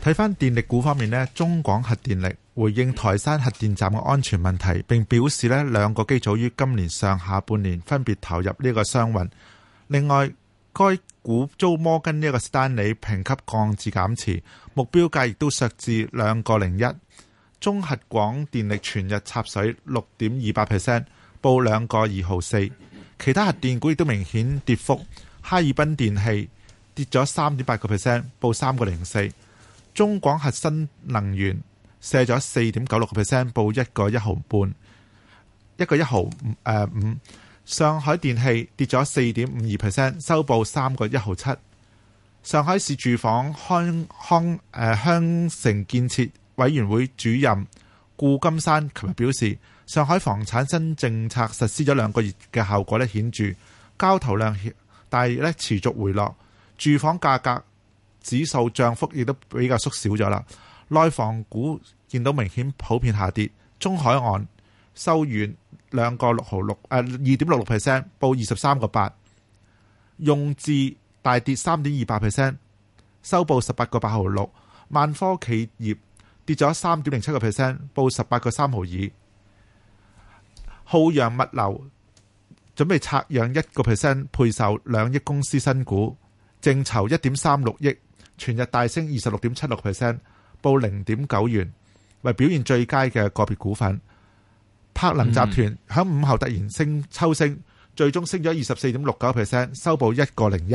睇翻電力股方面咧，中廣核電力回應台山核電站嘅安全問題，並表示咧，兩個機組於今年上下半年分別投入呢個商運。另外，該股遭摩根呢個 Stanley 評級降至減持目標價，亦都削至兩個零一。中核廣電力全日插水六點二八 percent，報兩個二號四。其他核電股亦都明顯跌幅，哈爾濱電氣跌咗三點八個 percent，報三個零四。中廣核新能源瀉咗四點九六個 percent，報一個一毫半，一個一毫五。誒，五上海電氣跌咗四點五二 percent，收報三個一毫七。上海市住房康康誒，鄉城建設委員會主任顧金山琴日表示，上海房產新政策實施咗兩個月嘅效果咧，顯著，交投量但係咧持續回落，住房價格。指數漲幅亦都比較縮小咗啦。內房股見到明顯普遍下跌，中海岸收軟兩個六毫六，誒二點六六 percent，報二十三個八。用智大跌三點二八 percent，收報十八個八毫六。萬科企業跌咗三點零七個 percent，報十八個三毫二。浩洋物流準備折讓一個 percent 配售兩億公司新股，淨籌一點三六億。全日大升二十六點七六 percent，報零點九元，為表現最佳嘅個別股份。柏能集團響午後突然升抽升，最終升咗二十四點六九 percent，收報一個零一。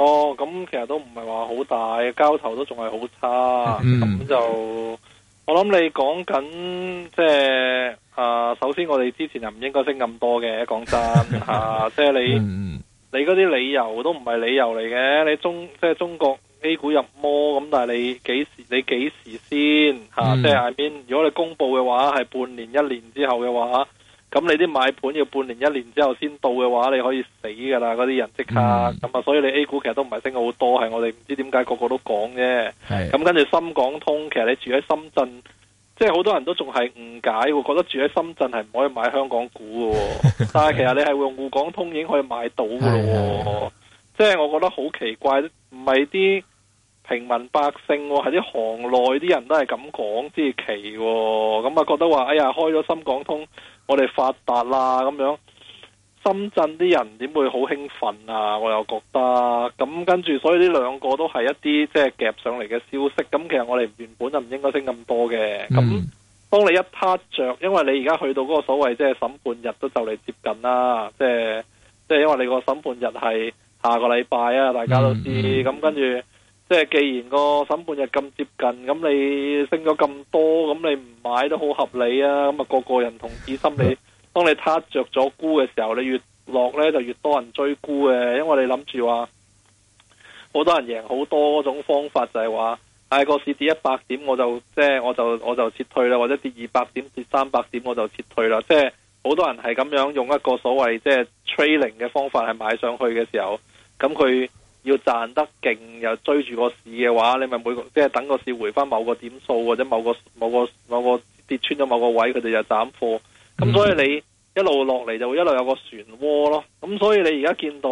哦，咁其實都唔係話好大，交投都仲係好差，咁、嗯、就我諗你講緊即係啊，首先我哋之前不該、 啊、就唔應該升咁多嘅，講真吓，即係你你嗰啲理由都唔係理由嚟嘅，你中即係、就是、中國 A 股入魔，咁但係你幾時你幾時先吓？啊嗯、即係 I mean，如果你公布嘅話，係半年一年之後嘅話。咁你啲買盤要半年一年之後先到嘅話，你可以死噶啦。嗰啲人即刻，咁啊、嗯，所以你 A 股其實都唔係升好多，係我哋唔知點解個個都講嘅。咁是跟住深港通，其實你住喺深圳，即係好多人都仲係誤解，覺得住喺深圳係唔可以買香港股喎。 但係其實你係用滬港通已經可以買到嘅咯。啊、即係我覺得好奇怪，唔係啲平民百姓，係啲行內啲人都係咁講，即係奇。咁啊，覺得話哎呀，開咗深港通。我哋發達啦咁樣，深圳啲人點會好興奮啊？我又覺得咁跟住，所以呢兩個都係一啲即係夾上嚟嘅消息。咁其實我哋原本就唔應該升咁多嘅。咁、嗯、當你一趴着，因為你而家去到嗰個所謂即係審判日都就嚟接近啦，即係即係因為你個審判日係下個禮拜啊，大家都知。咁、嗯嗯、跟住。即係既然個審判日咁接近，咁你升咗咁多，咁你唔買都好合理啊！咁、那、啊個個人同子心理，當你撻着咗沽嘅時候，你越落呢就越多人追沽嘅，因為你諗住話好多人贏好多嗰種方法就係話，大個市跌一百點我就即係、就是、我就我就撤退啦，或者跌二百點跌三百點我就撤退啦。即係好多人係咁樣用一個所謂即係 training 嘅方法係買上去嘅時候，咁佢。要賺得勁又追住個市嘅話，你咪每個即係、就是、等個市回翻某個點數或者某個某個某個跌穿咗某個位，佢哋就斬貨。咁所以你一路落嚟就會一路有個漩渦咯。咁所以你而家見到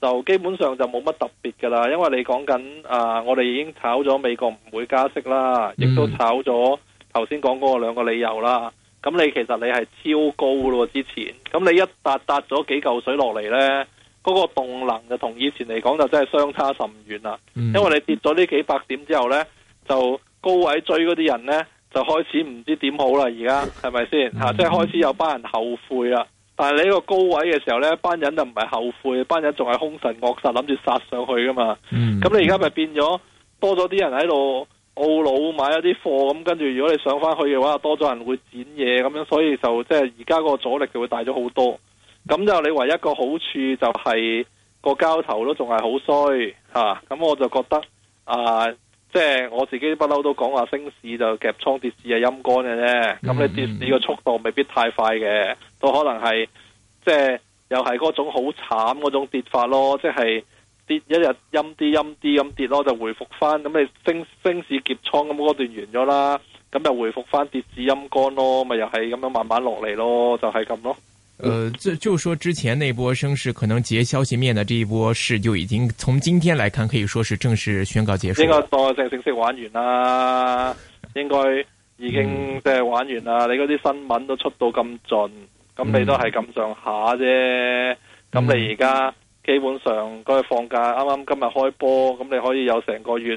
就基本上就冇乜特別噶啦。因為你講緊啊，我哋已經炒咗美國唔會加息啦，亦都炒咗頭先講嗰兩個理由啦。咁你其實你係超高噶喎，之前咁你一笪笪咗幾嚿水落嚟呢。嗰個動能就同以前嚟講就真係相差甚遠啦，因為你跌咗呢幾百點之後呢就高位追嗰啲人呢，就開始唔知點好啦，而家係咪先？即係開始有班人後悔啦，但係你呢個高位嘅時候呢班人就唔係後悔，班人仲係兇神惡煞諗住殺上去噶嘛。咁、嗯、你而家咪變咗多咗啲人喺度懊惱買一啲貨，咁跟住如果你上翻去嘅話，多咗人會剪嘢咁樣，所以就即係而家嗰個阻力就會大咗好多。咁就你唯一個好處就係個交頭都仲係好衰吓。咁我就覺得啊，即係我自己不嬲都講話升市就夾倉跌市係陰乾嘅啫，咁你跌市個速度未必太快嘅，都可能係即係又係嗰種好慘嗰種跌法咯，即係跌一日陰啲陰啲咁跌咯，就回復翻，咁你升升市夾倉咁嗰段完咗啦，咁就回復翻跌市陰乾咯，咪又係咁樣慢慢落嚟咯，就係咁咯。誒、呃，就就說之前那波升勢可能截消息面的這一波事就已經從今天來看，可以說是正式宣告結束了。應該都正正式玩完啦，應該已經即係玩完啦。你嗰啲新聞都出到咁盡，咁你都係咁上下啫。咁你而家基本上嗰個放假，啱啱今日開波，咁你可以有成個月。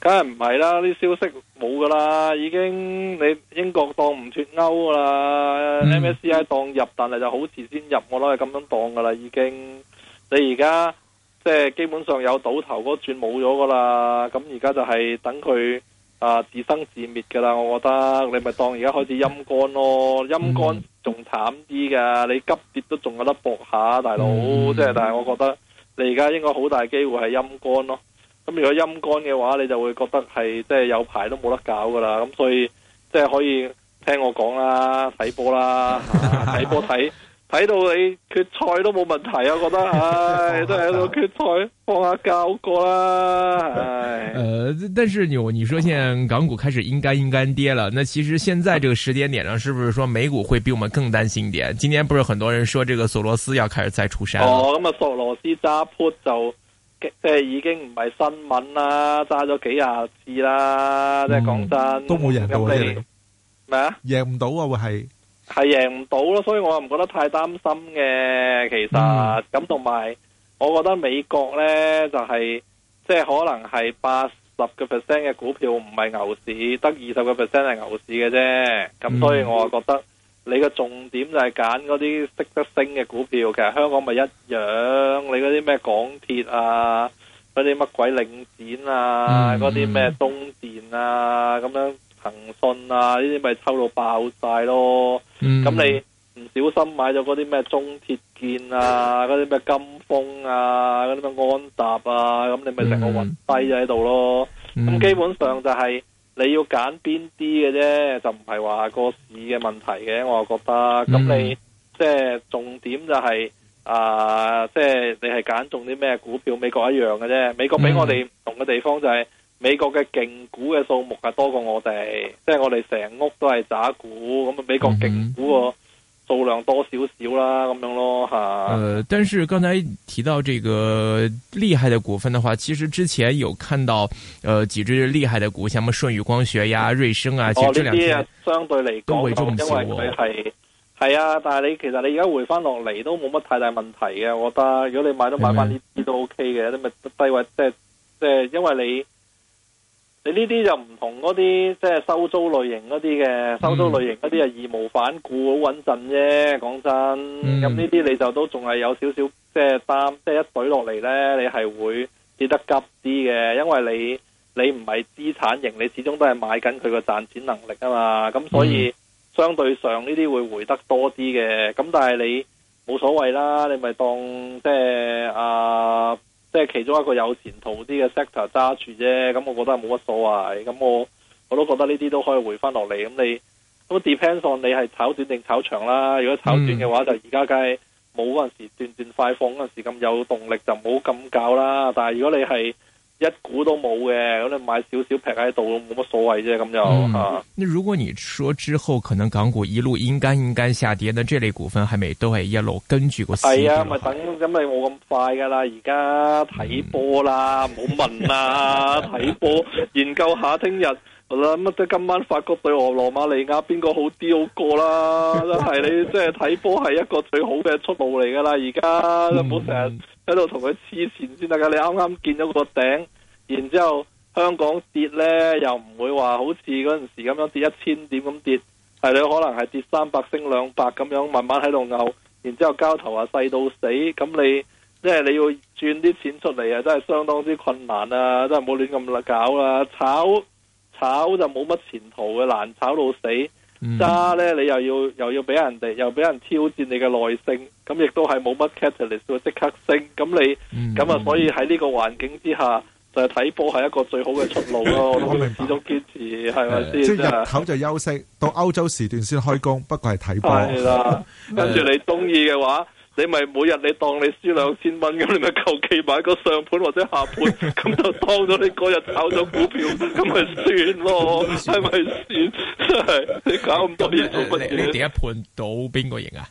梗係唔係啦，啲消息冇噶啦，已經你英國當唔脱歐噶啦、嗯、，MSCI 當入，但係就好遲先入，我諗係咁樣當噶啦，已經你而家即係基本上有賭頭嗰轉冇咗噶啦，咁而家就係等佢啊、呃、自生自滅噶啦，我覺得你咪當而家開始陰乾咯，陰乾仲慘啲噶，你急跌都仲有得搏下，大佬，即係、嗯、但係我覺得你而家應該好大機會係陰乾咯。咁如果陰乾嘅話，你就會覺得係即係有排都冇得搞噶啦。咁所以即係可以聽我講啦，睇波啦，睇波睇睇到你決賽都冇問題啊！我覺得唉、哎，都係喺度決賽，放下假好過啦。唉、哎，呃，但是你，你說現在港股開始陰乾陰乾跌了，那其實現在這個時間點上，是不是說美股會比我們更擔心一點？今天不是很多人說這個索羅斯要開始再出山？哦，咁啊，索羅斯揸 put 就。即係已經唔係新聞啦，揸咗幾廿次啦。即係講真都冇贏到，我知你咩啊？贏唔到啊，會係係贏唔到咯，所以我又唔覺得太擔心嘅。其實咁同埋，我覺得美國咧就係即係可能係八十個 percent 嘅股票唔係牛市，得二十個 percent 係牛市嘅啫。咁所以我又覺得。你個重點就係揀嗰啲識得升嘅股票，其實香港咪一樣。你嗰啲咩港鐵啊，嗰啲乜鬼領展啊，嗰啲咩東電啊，咁樣騰訊啊，呢啲咪抽到爆晒咯。咁、嗯、你唔小心買咗嗰啲咩中鐵建啊，嗰啲咩金峰啊，嗰啲咩安踏啊，咁你咪成個暈低咗喺度咯。咁、嗯、基本上就係、是。你要揀邊啲嘅啫，就唔係話個市嘅問題嘅，我覺得。咁你、嗯、即係重點就係、是、啊、呃，即係你係揀中啲咩股票？美國一樣嘅啫，美國比我哋唔同嘅地方就係、是嗯、美國嘅勁股嘅數目係多過我哋，即係我哋成屋都係渣股，咁啊美國勁股。嗯嗯數量多少少啦，咁樣咯吓。誒、呃，但是剛才提到這個厲害嘅股份的話，其實之前有看到，誒、呃、幾隻厲害嘅股，像咩舜宇光學呀、啊、瑞聲啊，哦呢啲啊相對嚟講，都會因為佢係係啊，但係你其實你而家回翻落嚟都冇乜太大問題嘅，我覺得如果你買都買翻呢啲都 OK 嘅，你咪低位即係即係因為你。你呢啲就唔同嗰啲即係收租類型嗰啲嘅，收租類型嗰啲啊義無反顧好穩陣啫，講真、嗯、。咁呢啲你就都仲係有少少即係擔，即係一懟落嚟呢，你係會跌得急啲嘅，因為你你唔係資產型，你始終都係買緊佢個賺錢能力啊嘛。咁所以相對上呢啲會回得多啲嘅。咁但係你冇所謂啦，你咪當即係啊。即係其中一個有前途啲嘅 sector 揸住啫，咁我覺得冇乜所謂，咁我我都覺得呢啲都可以回翻落嚟。咁你咁 depends on 你係炒短定炒長啦。如果炒短嘅話，就而家梗係冇嗰陣時斷斷快放嗰時咁有動力，就唔好咁搞啦。但係如果你係，一股都冇嘅，咁你買少少劈喺度，冇乜所謂啫，咁就吓。啊、那如果你說之後可能港股一路陰乾陰乾下跌，那這類股份係咪都係一路跟住個市？係啊，咪、啊、等，咁咪冇咁快噶啦。而家睇波啦，唔好、嗯、問啦，睇波 研究下聽日。好啦，咁即今晚法國對俄羅馬尼亞，邊個好啲好過啦？ 真係你即係睇波係一個最好嘅出路嚟，噶啦，而家唔好成日喺度同佢黐線先得噶。你啱啱見咗個頂，然之後香港跌呢又唔會話好似嗰陣時咁樣跌一千點咁跌，係你可能係跌三百升兩百咁樣，慢慢喺度拗，然之後交投啊細到死，咁你即係、就是、你要賺啲錢出嚟啊，真係相當之困難啊，真係唔好亂咁搞啦，炒。炒就冇乜前途嘅，難炒到死。揸咧、嗯，你又要又要俾人哋，又俾人挑戰你嘅耐性，咁亦都係冇乜 catalyst 嚟，會即刻升。咁你咁啊，嗯、所以喺呢個環境之下，就係睇波係一個最好嘅出路咯。嗯、我都始終堅持，係咪先？吧即係日頭就休息，到歐洲時段先開工。不過係睇波。係啦的， 跟住你中意嘅話。你咪每日你當你輸兩千蚊咁，你咪求其買個上盤或者下盤，咁 就當咗你嗰日炒咗股票，咁咪 算咯，係咪先？真係你搞咁多嘢做乜嘢？你點判到邊個贏啊？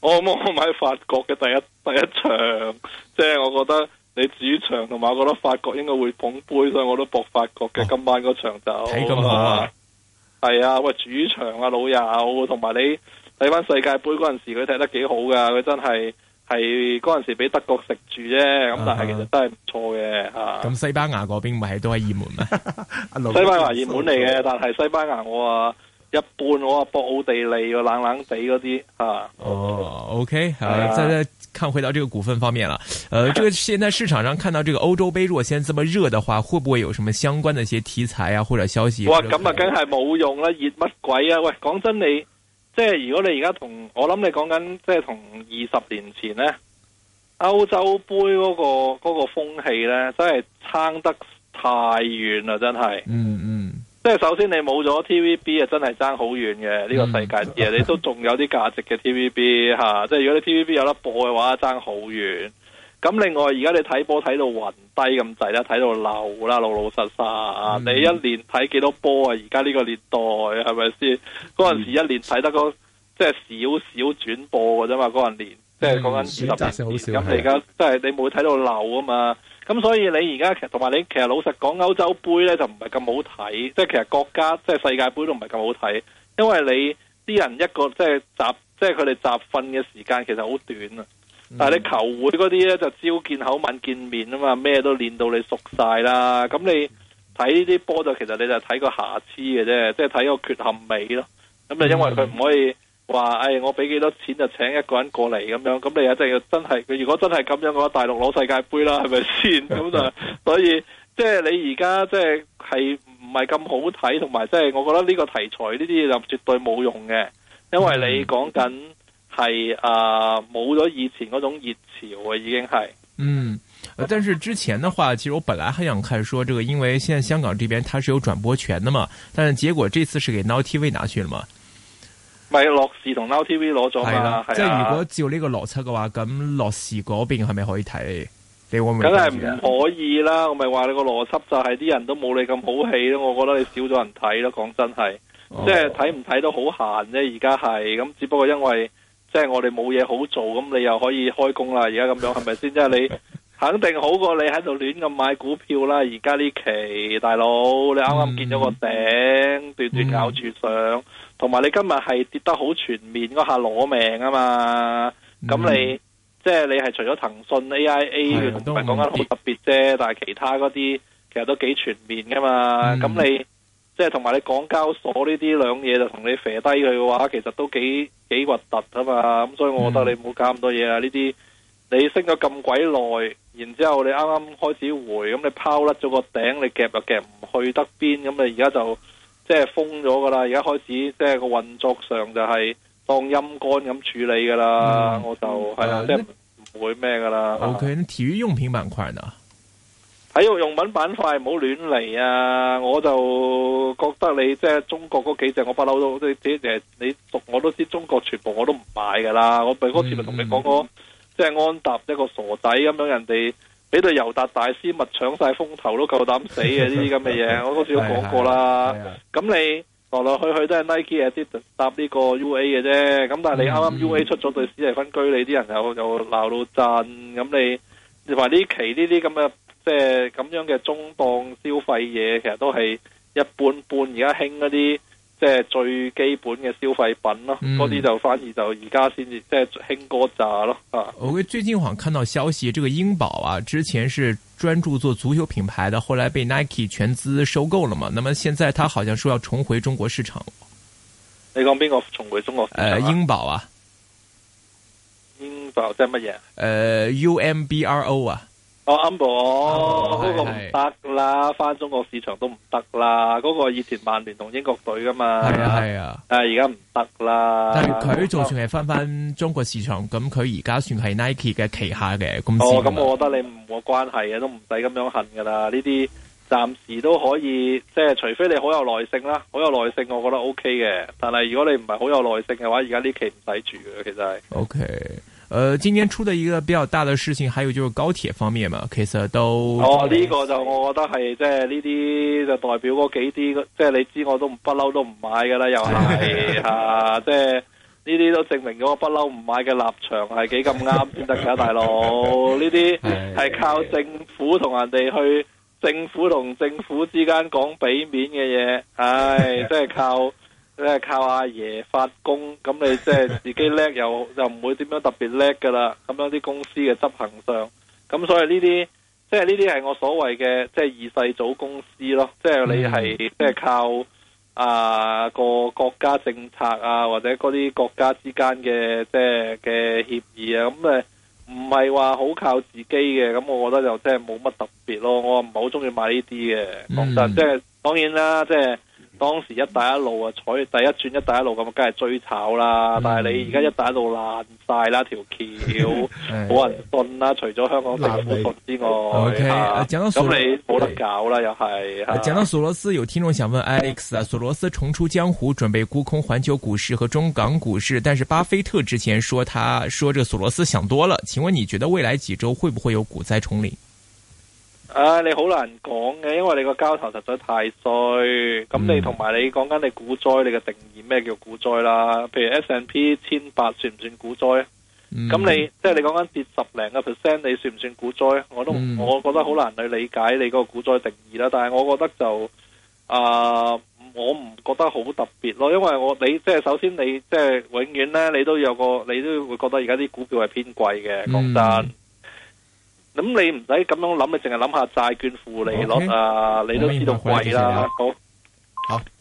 我冇買法國嘅第一，第一場，即係我覺得你主場同埋我覺得法國應該會捧杯，所以我都搏法國嘅、哦、今晚嗰場就睇咁，係啊，喂，主場啊，老友同埋你。睇翻世界盃嗰陣時，佢睇得幾好噶，佢真係係嗰陣時俾德國食住啫。咁但係其實都係唔錯嘅嚇。咁、uh huh. 啊、西班牙嗰邊唔係都係熱門咩？ 西班牙熱門嚟嘅， 但係西班牙我啊一半我啊博奧地利個冷冷哋嗰啲嚇。哦、啊 oh，OK，好，uh. 再再看回到呢個股份方面啦。呃，這個現在市場上看到這個歐洲杯，如果現在這麼熱的話，會不會有什麼相關的一些題材啊，或者消息？哇，咁啊，梗係冇用啦，熱乜鬼啊？喂，講真你。即係如果你而家同我諗你講緊，即係同二十年前呢，歐洲杯嗰、嗰個嗰、嗰個風氣呢真係撐得太遠啦，真係、嗯。嗯嗯。即係首先你冇咗 TVB 啊，真係爭好遠嘅呢個世界嘢，你都仲有啲價值嘅 TVB 吓、啊。即係如果你 TVB 有得播嘅話，爭好遠。咁另外，而家你睇波睇到暈低咁滯啦，睇到漏啦，老老實實。嗯、你一年睇幾多波啊？而家呢個年代係咪先？嗰陣、嗯、時一年睇得嗰，即係少少轉播嘅啫嘛，嗰陣年即係講緊二十年，選擇性好少。咁而家即係你冇睇到漏啊嘛。咁所以你而家其實同埋你其實老實講，歐洲杯咧就唔係咁好睇，即、就、係、是、其實國家即係、就是、世界杯都唔係咁好睇，因為你啲人一個即係、就是、集即係佢哋集訓嘅時間其實好短啊。但係你球會嗰啲咧就朝見口晚見面啊嘛，咩都練到你熟晒啦。咁你睇呢啲波就其實你就睇個瑕疵嘅啫，即係睇個缺陷美咯。咁就因為佢唔可以話，誒、哎、我俾幾多錢就請一個人過嚟咁樣。咁你啊真係真係，佢如果真係咁樣嘅話，我大陸攞世界杯啦，係咪先？咁就 所以即係、就是、你而家即係係唔係咁好睇，同埋即係我覺得呢個題材呢啲嘢就絕對冇用嘅，因為你講緊。係誒，冇咗、呃、以前嗰種熱潮啊，已經係嗯，但是之前嘅話，其實我本來還想看，說這個因為現在香港這邊它是有轉播權的嘛，但係結果這次是給 Now TV 拿去了嘛？咪樂視同 Now TV 攞咗嘛？係即係如果照呢個邏輯嘅話，咁樂視嗰邊係咪可以睇？你會唔會？梗係唔可以啦！我咪話你個邏輯就係啲人都冇你咁好戲咯，我覺得你少咗人睇咯。講真係，哦、即係睇唔睇都好閒啫。而家係咁，只不過因為。即係我哋冇嘢好做，咁你又可以開工啦。而家咁樣係咪先？即係 你肯定好過你喺度亂咁買股票啦。而家呢期大佬，你啱啱見咗個頂，斷斷、嗯、咬住上，同埋你今日係跌得好全面嗰下攞命啊嘛。咁你、嗯、即係你係除咗騰訊 AIA 同埋講緊好特別啫，也但係其他嗰啲其實都幾全面噶嘛。咁、嗯、你。即係同埋你港交所呢啲兩嘢就同你肥低佢嘅話，其實都幾幾核突啊嘛！咁所以我覺得你唔好搞咁多嘢啦！呢啲、嗯、你升咗咁鬼耐，然之後你啱啱開始回，咁你拋甩咗個頂，你夾又夾唔去得邊，咁你而家就即係封咗噶啦！而家開始即係個運作上就係當陰乾咁處理噶啦，嗯、我就係啦，即係唔會咩噶啦。OK，體育用品板塊呢？體育用品板塊唔好亂嚟啊！我就覺得你即係、就是、中國嗰幾隻，我不嬲到啲啲嘢，你讀我都知中國全部我都唔買噶啦。嗯、我嗰次咪同你講過，即係、嗯、安踏一個傻仔咁樣，人哋俾對尤達大師物搶晒風頭都夠膽死嘅呢啲咁嘅嘢。我嗰時都講過啦。咁你來來去去都係 Nike、Adidas 搭呢個 UA 嘅啫。咁、嗯、但係你啱啱 UA 出咗對史蒂芬居里，你啲人又又鬧到震。咁你你話呢期呢啲咁嘅？即係咁樣嘅中檔消費嘢，其實都係一般般，而家興一啲即係最基本嘅消費品、嗯、咯，嗰啲就反而就而家先至即係興嗰扎咯。啊，我最近好像看到消息，這個英寶啊，之前是專注做足球品牌的，後來被 Nike 全資收購了嘛。那麼現在他好像說要重回中國市場。你講邊個重回中國市場、啊？誒、呃，英寶啊，英寶即係乜嘢？誒、呃、，U M B R O 啊。我 Umbro，嗰、oh, oh, oh, 個唔得啦，翻是是 中國市場都唔得啦，嗰、那個以前曼聯同英國隊㗎嘛，係啊，啊但係而家唔得啦。但係佢就算係翻翻中國市場，咁佢而家算係 Nike 嘅旗下嘅公司。哦，咁、oh, 我覺得你冇關係嘅，都唔使咁樣恨㗎啦。呢啲暫時都可以，即係除非你好有耐性啦，好有耐性，耐性我覺得 OK 嘅。但係如果你唔係好有耐性嘅話，而家呢期唔使住嘅，其實係 OK。誒、呃，今年出的一個比較大的事情，還有就是高鐵方面嘛，其實都哦呢、這個就我覺得係即係呢啲就代表嗰幾啲，即係你知我都不嬲都唔買噶啦，又係吓，即係呢啲都證明咗我不嬲唔買嘅立場係幾咁啱先得噶， 大佬呢啲係靠政府同人哋去政府同政府之間講俾面嘅嘢，唉、 哎，即、就、係、是、靠。你係靠阿爺發工，咁你即係自己叻又 又唔會點樣特別叻噶啦。咁樣啲公司嘅執行上，咁所以呢啲即係呢啲係我所謂嘅即係二世祖公司咯。即係你係即係靠、嗯、啊、嗰個國家政策啊，或者嗰啲國家之間嘅即係嘅協議啊，咁誒唔係話好靠自己嘅。咁我覺得就即係冇乜特別咯。我唔係好中意買呢啲嘅，咁、嗯、但即係當然啦，即係。當時一帶一路啊，採第一轉一帶一路咁，梗係追炒啦。但係你而家一帶一路爛晒啦，條橋冇人信啦，除咗香港政府信之外，咁你冇得搞啦，又、okay, 係、啊。講到索羅斯，啊、有聽眾想問 Alex 啊，索羅斯重出江湖，準備沽空環球股市和中港股市，但是巴菲特之前說，他說這索羅斯想多了。請問你覺得未來幾周會不會有股災重臨？啊，你好難講嘅，因為你個交頭實在太衰。咁你同埋你講緊你股災，你嘅定義咩叫股災啦？譬如 S&P 千八算唔算股災啊？咁、嗯、你即係、就是、你講緊跌十零個 percent，你算唔算股災啊？我都、嗯、我覺得好難去理解你嗰個股災定義啦。但係我覺得就啊、呃，我唔覺得好特別咯。因為我你即係、就是、首先你即係、就是、永遠咧，你都有個你都會覺得而家啲股票係偏貴嘅，講真。嗯咁你唔使咁樣諗，只想想你淨係諗下債券負利率啊，你都知道貴啦。好。Okay. Okay.